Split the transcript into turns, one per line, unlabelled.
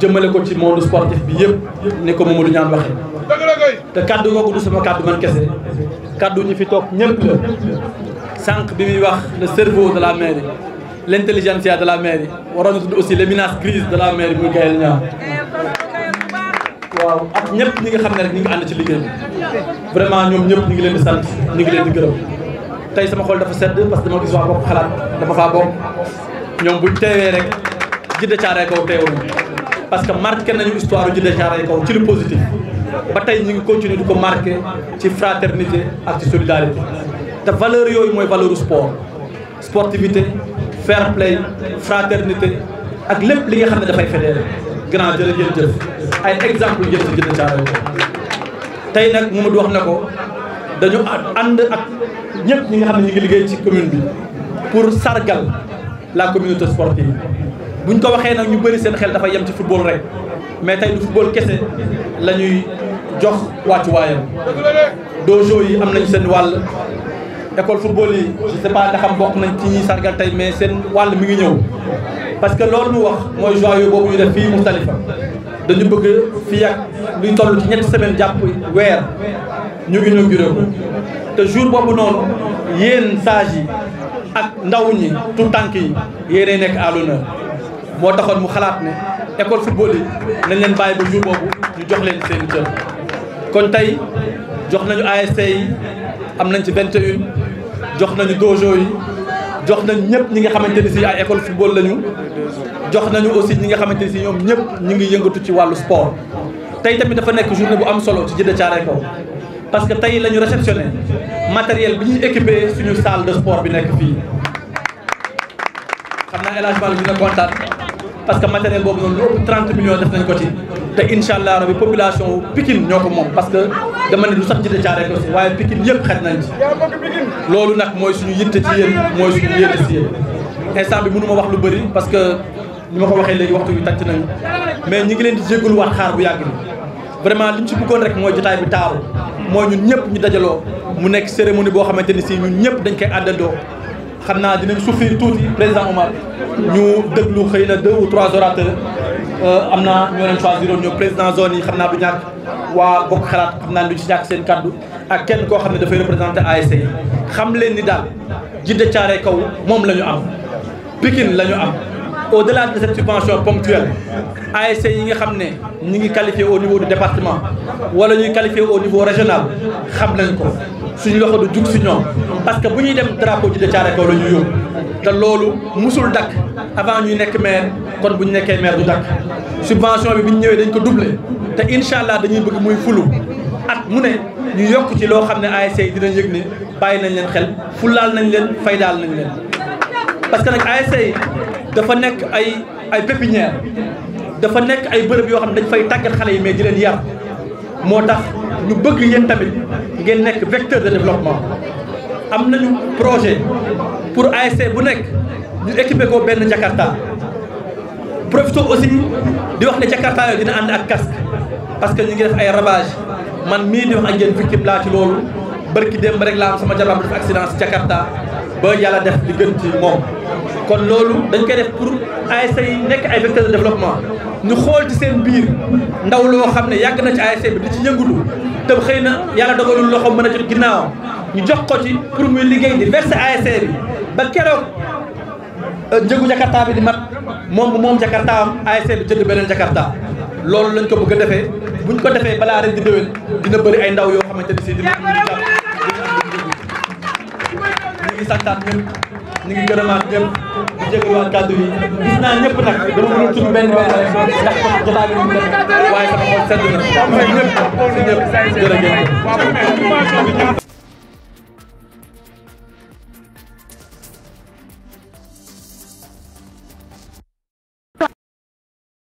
jëmale ko ci monde sportif bi yëpp ni ko Mamadou ñaan waxee te kaddu googu du sama kaddu man kese kaddu ñu fi toog ñëpp la sànq bi muy wax le cerveau de la mairie l' intelligentsia de la mairie waroon na tudd aussi l' éminence grise de la mairie muy Gaël Niang ak ñëpp ñi nga xam ne rek ñu ngi ànd ci liggéey bi vraiment ñoom ñëpp ñu ngi leen di sant ñu ngi leen di gërëm. tey sama xol dafa sedd parce que dama gis waa bopp xalaat dama faa bokk ñoom buñ teewee rek Djidda Thiaroye Kaw teewul parce que marqué nañu histoire Djidda Thiaroye Kaw ci lu positif ba tey ñu ngi continuer di ko marqué ci fraternité ak ci solidarité te valeur yooyu mooy valeur sport sportivité fair play fraternité ak lépp li nga xam ne dafay fédéré grand jërëjëf ay exemple jëf ci Djidda Thiaroye Kaw tey nag Mamadou wax na ko dañu ànd ak ñëpp ñi nga xam ne ñu ngi liggéey ci commune bi pour sargal la communauté sportive bu ñu ko waxee nag ñu bëri seen xel dafa yem ci football rek mais tey du football kese la ñuy jox wàccuwaayam dojo yi am nañ seen wàll école football yi je sais pas ndaxam nañ ci ñuy sargal tey mais seen wàll mi ngi ñëw parce que loolu mu wax mooy joyau boobu ñu def fii Moustalifa dañu bëgg fii ak luy toll ci ñetti semaine jàpp weer ñu ngi ñëw juróom te jour boobu noonu yéen sage yi ak ndaw ñi tànk yi yéenay nekk à l'honneur moo taxoon mu xalaat ne école football yi nañ leen bàyyi ba jour boobu ñu jox leen seen cër kon tey jox nañu ASC yi am nañ ci 21 jox nañu dojo yi jox nañ ñëpp ñi nga xamante ni si ay école football lañu jox nañu aussi ñi nga xamante ni si ñoom ñëpp ñu ngi yëngatu ci wàllu sport tey tamit dafa nekk journée bu am solo ci Djeddah Thiaroye Kaw parce que tey la ñu réceptionné matériel bi ñuy équipé suñu salle de sport bi nekk fii xam naa El Hadj Ball dina kontaan parce que matériel boobu noonu lu ëpp 30 def nañ ko ci te incha allah population wu Pikine ñoo ko moom parce que dama ne du sax jënd caare ko si waaye Pikine yëpp xet nañ ci loolu nag mooy suñu yitte ci yéen mooy suñu yéene si yéen instant bi mënu ma wax lu bëri parce que ñu ma ko waxee léegi waxtu bi tàcc nañu mais ñi ngi leen di jégalu waat xaar bu yàgg vraiment li ci bëggoon rek mooy jotaay bi taaru mooy ñun ñëpp ñu dajaloo mu nekk cérémonie boo xamante ni si ñun ñëpp dañ koy àddandoo xam naa dinañ souffrir tuuti président Omar ñu lu xëy na deux ou trois orateurs euh, am na ñoo leen choisir ñoo président zone yi xam naa bu ñàkk waa bokk xalaat xam naa duñ si ñàkk seen kàddu ak kenn koo xam ne dafay représenté ASC yi xam leen ni daal Djiddah Thiaroye Kaw moom lañu ñu am Pikine la am au-delà de cette subvention ponctuelle ASC yi nga xam ne ñu ngi qualifié au niveau du département wala ñuy qualifié au niveau régional xam nañ ko suñu loxo du jug si ñoom parce que bu ñuy dem drapeau ji de Thiaroye Kaw la ñuy yóbbu te loolu musul dakk avant ñuy nekk maire kon bu ñu nekkee maire du dakk subvention bi bi ñu ñëwee dañ ko doublé te incha allah dañuy bëgg muy fulu at mu ne ñu yokk ci loo xam ne ASC yi dinañ yëg ni bàyyi nañ leen xel fulaal nañ nañ leen parce que nag ASC dafa nekk ay ay pépinière dafa nekk ay bërëb yoo xam ne dañ fay tàggat xale yi mais di leen yar moo tax ñu bëgg yéen tamit ngeen nekk vecteur de développement am nañu projet pour ASC bu nekk ñu équipé ko benn Jakarta profité aussi di wax ne Jakarta yooyu dina ànd ak casque parce que ñu ngi def ay ravage man mii di wax ak ngeen victime laa ci loolu barki démb rek laa am sama jabar bu def accident si Jakarta ba yàlla def di gën ci moom kon loolu dañ koy def pour ASC yi nekk ay vecteurs de développement ñu xool ci seen biir ndaw loo xam ne yàgg na ci ASC bi di ci yëngatu te xëy na yàlla dogalul loxo mën a jot ginnaawam ñu jox ko ci pour muy liggéey di verser ASC bi ba keroog njëgu jakarta bi di mat moom bu moom jakarta am ase bi jënd beneen jakarta loolu lañ ko bëgg a defee buñ ko defee balaa ren di déwén dina bëri ay ndaw yoo xamante ni si dina ñu ngi santaat ñëpp ñu ngi gërëmaat ñëpp di jégaluwaat kàddu yi gis naa ñëpp nag dama mënul tudd benn benn rek ndax kon jotaay bi mu def waaye sama xol sedd na. am na ñëpp si ñëpp jërëjëf.